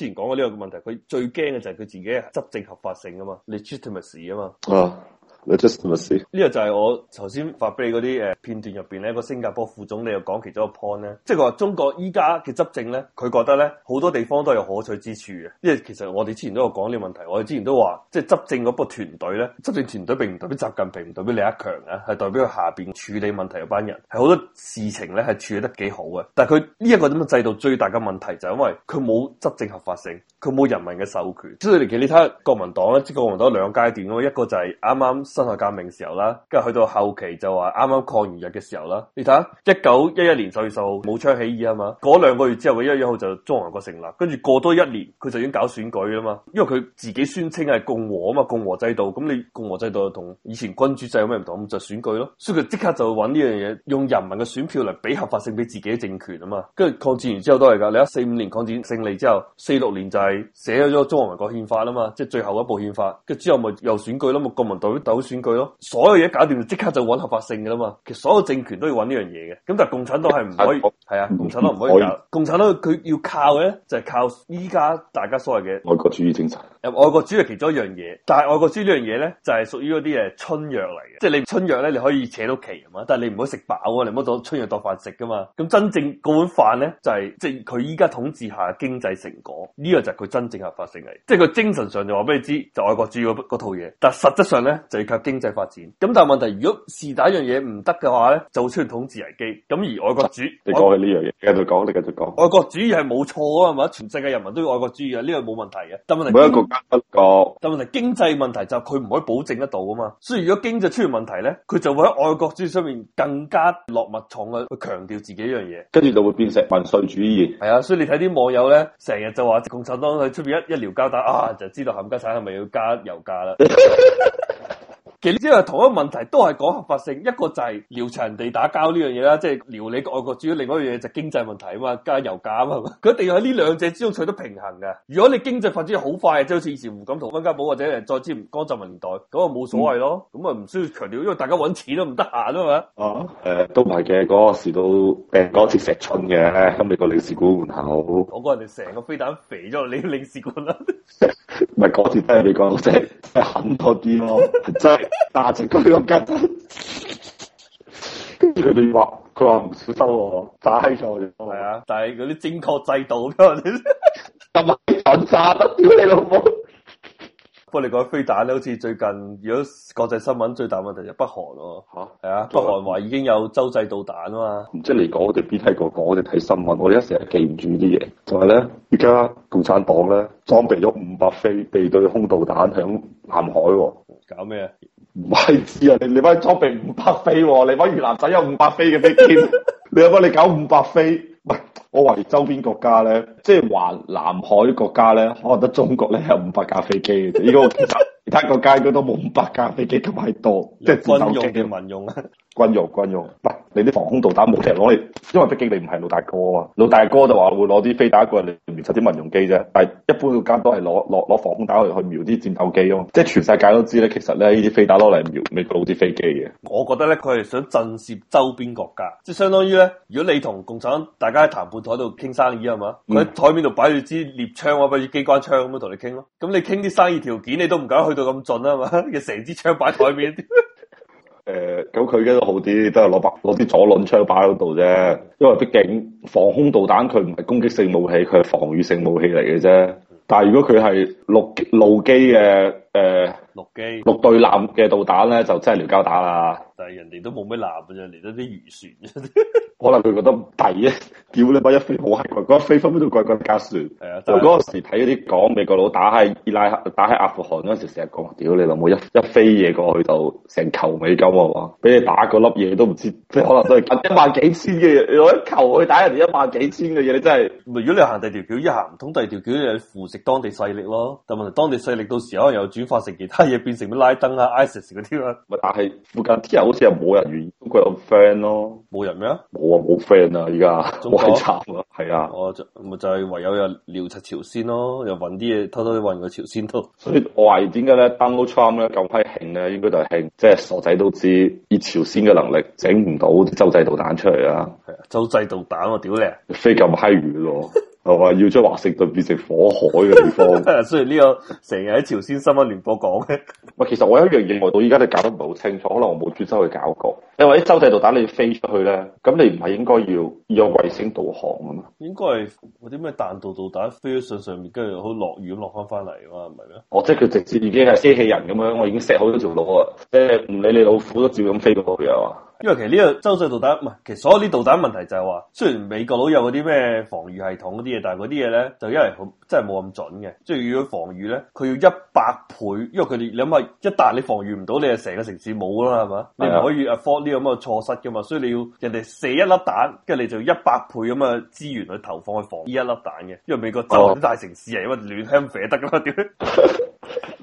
之前講過呢個問題，佢最驚嘅就係佢自己執政合法性啊嘛，legitimacy 啊嘛。呢個就係我頭先發俾你嗰啲誒片段入邊咧個新加坡副總理又講其中一個 point 咧，即係話中國依家嘅執政咧，佢覺得咧好多地方都有可取之處嘅。因為其實我哋之前都有講呢個問題，我哋之前都話即係執政嗰個團隊咧，執政團隊並唔代表習近平，唔代表李克強嘅，係代表佢下邊處理問題嘅班人，係好多事情咧係處理得幾好嘅。但係佢呢一個咁嘅制度最大嘅問題就係因為佢冇執政合法性，佢冇人民嘅授權。即係你其實你睇下國民黨咧，即係國民黨兩階段啊嘛，一個就係啱啱。辛亥革命嘅時候啦，跟住去到後期就話啱啱抗完日嘅時候啦。你睇下一九一一年十月十號武昌起義啊嘛，嗰兩個月之後嘅一月一號就中華民國成立，跟住過多一年佢就已經搞選舉啊嘛，因為佢自己宣稱係共和啊嘛，共和制度，咁你共和制度同以前君主制有咩唔同？咁就選舉咯，所以佢即刻就揾呢樣嘢，用人民嘅選票嚟比合法性俾自己嘅政權啊嘛。跟住抗戰完之後都係㗎，你一四五年抗戰勝利之後，四六年就係寫咗個中華民國憲法啊嘛，即係最後一部憲法。跟住之後咪又選舉咯，咪國民黨選舉咯，所有嘢搞掂就即刻就揾合法性噶啦嘛。其實所有政權都要揾呢樣嘢嘅。咁但係共產黨係唔可以，係啊，啊，共產黨唔可以噶。以共產黨佢要靠嘅咧，就係、是、靠依家大家所謂嘅愛國主義精神。誒，愛國主義其中一樣嘢，但係愛國主義呢樣嘢咧，就係、是、屬於嗰啲誒春藥嚟嘅。即係你春藥咧，你可以扯到旗啊嘛，但係你唔好食飽啊，你唔好當春藥當飯食噶嘛。咁真正嗰碗飯咧，就係即係佢依家統治下經濟成果。呢、這個就係佢真正合法性嚟，即係佢精神上就話俾你知，就愛國主義嗰套嘢。但係實質上咧，就係。靠經濟發展咁，但係問題如果是第一樣嘢唔得嘅話咧，就出現統治危機。咁而愛國主你講嘅呢樣嘢，繼續講，你繼續講。續愛國主義係冇錯啊嘛，全世界人民都要愛國主義啊，呢個冇問題嘅。但問題每一個國家個，但問題經濟問題就佢唔可以保證得到啊嘛。所以如果經濟出現問題咧，佢就會喺愛國主義上面更加落密重嘅去強調自己一樣嘢，跟住就會變成民粹主義。係啊，所以你睇啲網友咧，成日就話共產黨喺出面一一聊交打啊，就知道冚家產係咪要加油價啦。 其實即係同一個問題，都係講合法性。一個就係撩柴人哋打交呢樣嘢啦，即係撩你外國主義。至於另外一樣嘢就經濟問題啊嘛，加油價啊嘛。佢一定要喺呢兩者之中取得平衡嘅。如果你經濟發展好快，即係好似以前胡錦濤、溫家寶或者再之江澤民年代，咁啊冇所謂咯。咁啊唔需要強調，因為大家揾錢都唔得閒啊嘛。哦、啊，誒、呃，都唔係嘅，嗰、那個時都病過一次石春嘅，喺美國領事館門口。我講人哋成個飛彈肥咗你領事館啦。 唔係嗰次聽你講，即係係狠多啲咯，即係價值高咁跟住佢哋話，佢話唔收喎，打閪咗咗，係啊，但係嗰啲正確制度，咁咪反殺得屌你老母！不過你講飛彈咧，好似最近如果國際新聞最大問題就北韓咯，係啊，蛤北韓話已經有洲際導彈啊嘛。即係你講我哋邊睇過講，我哋睇新聞，我哋一成日記唔住啲嘢。同埋咧，而家共產黨咧裝備咗五百飛地對空導彈響南海喎，搞咩啊？唔係知啊，你你把裝備五百飛、啊，你把越南仔有五百飛嘅飛機， 你又幫你搞五百飛。我懷疑周邊國家呢，即係環南海國家呢，可能得中國呢有五百架飛機嘅啫，依個其，其他國家應該都冇五百架飛機咁係多， 即係軍用定民用啊？ 軍用軍用，喂你啲防空導彈冇踢攞嚟，因為畢竟你唔係老大哥啊。老大哥就話會攞啲飛彈過嚟瞄測啲民用機啫。但係一般國家都係攞攞攞防空彈嚟去，去瞄啲戰鬥機啊。即係全世界都知咧，其實咧呢啲飛彈攞嚟瞄美國佬啲飛機嘅。我覺得咧，佢係想震懾周邊國家，即係相當於咧，如果你同共產大家喺談判台度傾生意係嘛，佢喺台面度擺住支獵槍啊，或者機關槍咁樣同你傾咯。咁你傾啲生意條件，你都唔敢去到咁盡啊嘛，你成支槍擺台面。 誒，咁佢嘅都好啲，都係攞把攞啲左輪槍擺喺度啫，因為畢竟防空導彈佢唔係攻擊性武器，佢係防禦性武器嚟嘅啫。但係如果佢係陸陸基嘅。誒，陸基六對艦嘅導彈咧，就真係撩交打啦。但係人哋都冇咩艦嘅啫，嚟，多啲漁船可能佢覺得抵，屌你媽，一飛好閪貴，嗰個飛分邊度貴過架船？係啊，我嗰個時睇嗰啲講，美國佬打喺伊拉克，打喺阿富汗嗰陣時，成日講，屌你老母，一一飛嘢過去到成球美金啊嘛，俾你打個粒嘢都唔知，即可能都係一萬幾千嘅嘢，攞一球去打人哋一萬幾千嘅嘢，你真係。如果你行第二條橋，一行唔通第二條橋，你扶食當地勢力咯。但問題當地勢力到時可能有。轉化成其他嘢，變成咩拉登啊、ISIS 嗰啲啦。咪但係附近啲人好似又冇人願意，佢有 friend 咯。冇人咩？冇啊，冇 friend 國啊，而家中國係慘啊。係啊，我就咪就係唯有又撩柒朝鮮咯，又搵啲嘢偷偷哋運個朝鮮度。所以我懷疑點解咧 Donald Trump 咧咁批興咧，應該就係興，即係傻仔都知，以朝鮮嘅能力整唔到啲洲際導彈出嚟啊。洲際導彈，啊，我屌你，飛咁閪遠咯。 要將華盛頓變成火海嘅地方， 所以呢個成日喺朝鮮新聞聯播講嘅。唔係，其實我有一樣嘢，我到依家都搞得唔係好清楚，可能我冇專周去搞過。因為啲洲際導彈你飛出去咧，咁你唔係應該要有衛星導航噶咩？應該係嗰啲咩彈道導彈飛上上面，跟住好落雨咁落翻翻嚟嘅嘛，係咪咩？哦，即係佢直接已經係機器人咁樣，我已經 set 好咗條路啊，即係唔理你老虎都照咁飛過去啊。因為其實呢個洲際導彈唔係，其實所有啲導彈問題就係話，雖然美國佬有嗰啲咩防禦系統嗰啲嘢，但係嗰啲嘢咧就因為真係冇咁準嘅，即係如果防禦咧，佢要一百倍，因為佢哋。你諗下，一旦你防禦唔到，你係成個城市冇啦係嘛，你唔可以 afford 呢咁嘅錯失噶嘛，所以你要人哋射一粒彈，跟住你就一百倍咁嘅資源去投放去防呢一粒彈嘅，因為美國就、哦、大城市因乜亂香射得噶嘛，屌！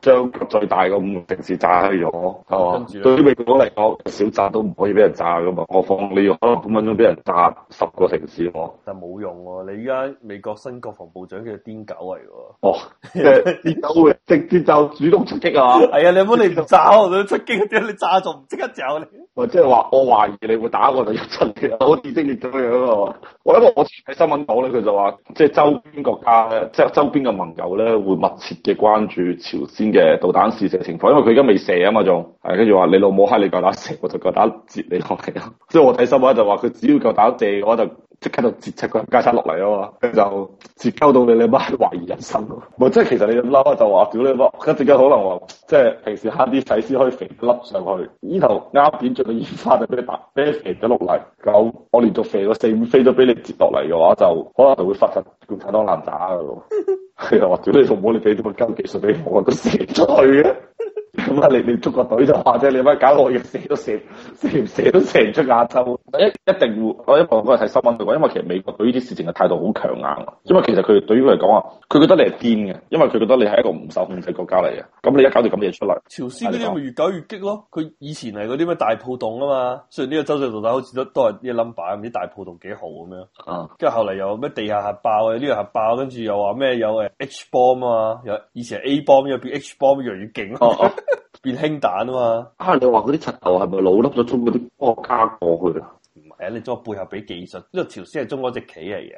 將最大個五個城市炸開咗，係嘛？跟住對美國嚟講，小炸都唔可以俾人炸噶嘛。我放你要可能半分鐘俾人炸十個城市喎。但係冇用喎，啊，你依家美國新國防部長叫癲狗嚟喎。哦，癲狗嚟， 會直接就主動出擊啊！係啊，你冇嚟就炸我，你出擊嗰啲你炸仲唔即刻走你我即係話，我懷疑你會打我哋一陣嘅，好似精烈樣 我已經裂咗你嗰我因我喺新聞度咧，佢就話，即係周邊國家咧，即係周邊嘅盟友咧，會密切嘅關注朝鮮嘅導彈試射情況，因為佢而家未射啊嘛，仲係跟住話你老母閪，你夠膽射我就夠膽截你落嚟咯。即係我睇新聞就話佢只要夠膽射，我就即刻就截出個街叉落嚟啊嘛。就截鳩到你你媽懷疑人生咯。唔即係其實你嬲就話，屌你媽！而家而家可能即係平時慳啲細先可以肥粒上去，呢頭啱點著個煙花就俾你打。俾你肥咗落嚟。咁我連續肥咗四五飛都俾你截落嚟嘅話，就可能就會發出共太多爛渣噶喎。係啊！我屌你老母，你俾啲乜鳩技術俾我，我都蝕咗去嘅。咁啊！捉個隊你你中國隊就話啫，你咪搞到我要死都死。死唔死都死唔出亞洲，一一定會。我因為我嗰日睇新聞度講，因為其實美國對依啲事情嘅態度好強硬。因為其實佢對於佢嚟講啊，佢覺得你係癲嘅，因為佢覺得你係一個唔受控制國家嚟嘅。咁你一搞啲咁嘢出嚟，朝鮮咧就會越搞越激咯。佢以前係嗰啲咩大浦洞啊嘛，雖然呢個洲際導彈好似都都係啲 number，唔知大浦洞幾好咁樣。啊！跟住後嚟又咩地下核爆啊？呢、這個核爆跟住又話咩有誒 H bomb 啊嘛？有以前係 A bomb，而家變 H bomb 越嚟越勁。 變氫彈啊嘛！啊，你話嗰啲柒頭係咪老笠咗中嗰啲光加過去啊？唔係啊，你再背後俾技術，因為朝鮮係中國嗰隻棋嚟嘅，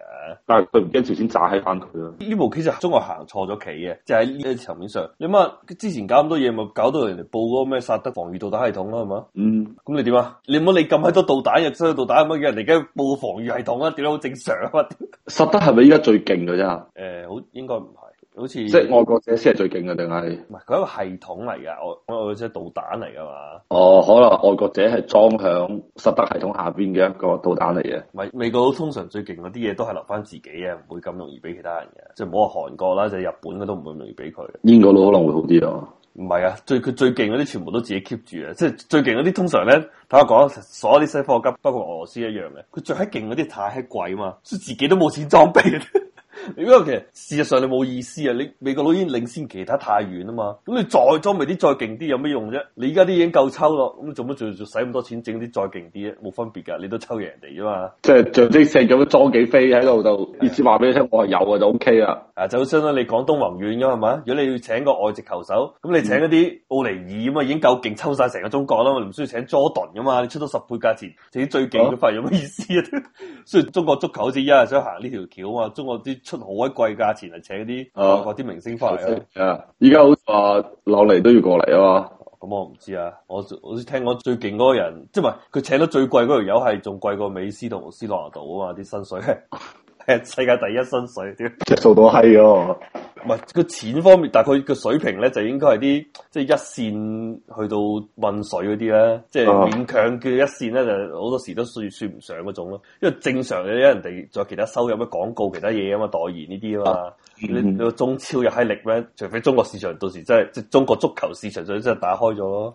但係佢唔驚朝鮮炸起翻佢咯？呢步其實中國行錯咗棋嘅，就喺呢啲層面上。你問之前搞咁多嘢，咪搞到人哋報嗰個咩薩德防禦導彈系統咯？係嘛？嗯，咁你點啊？你唔好你咁喺度導彈入所去導彈，咁樣叫人哋而家報防禦系統啊？點好正常啊？薩 德係咪依家最勁嘅啫？誒、呃，好應該唔係。好似即係外國者先係最勁嘅，定係唔係佢一個系統嚟噶我外，外國者導彈嚟噶嘛？哦，可能外國者係裝響薩德系統下邊嘅一個導彈嚟嘅。唔係美國佬通常最勁嗰啲嘢都係留翻自己嘅，唔會咁容易俾其他人嘅。即係唔好話韓國啦，即係日本都唔會咁容易俾佢。英國佬可能會好啲咯。唔係啊，最佢最勁嗰啲全部都自己 keep 住啊。即係最勁嗰啲通常咧，睇下講，所有啲西方級，包括俄羅斯一樣嘅，佢最閪勁嗰啲太閪貴啊嘛，所以自己都冇錢裝備。如果其實事實上你冇意思啊，你美國佬已經領先其他太遠啦嘛，咁你再裝備啲，再勁啲有咩用啫？你而家啲已經夠抽咯，咁做乜仲使咁多錢整啲再勁啲？冇分別噶，你都抽贏人哋啫嘛。即係象徵性咁裝幾飛喺度就意思話俾你聽，我話有啊，就 OK 啦。啊， 就好相當你廣東宏遠咁係嘛？如果你要請個外籍球手，咁你請一啲奧尼爾咁嘛，已經夠勁抽晒成個中國啦，唔需要請 Jordan 噶嘛，你出多十倍價錢，自己最勁嘅翻有咩意思啊？雖然中國足球好似一係想行呢條橋啊，中國啲。出好鬼貴價錢嚟請啲啊啲明星翻嚟啊！依家好啊，攞嚟都要過嚟啊嘛。咁我唔知啊，我好似聽講最勁嗰個人，即係唔係佢請到最貴嗰條友係仲貴過美斯同斯諾亞度啊嘛？啲薪水係世界第一薪水，點 做到閪啊！唔係個錢方面，但係佢個水平咧就應該係啲即係一線去到運水嗰啲啦，即係勉強叫一線咧，就好多時都算算唔上嗰種咯。因為正常嘅人哋仲有其他收入，咩廣告、其他嘢啊嘛，代言呢啲啊嘛，你中超又喺力咩？除非中國市場到時真係即係中國足球市場真係打開咗咯。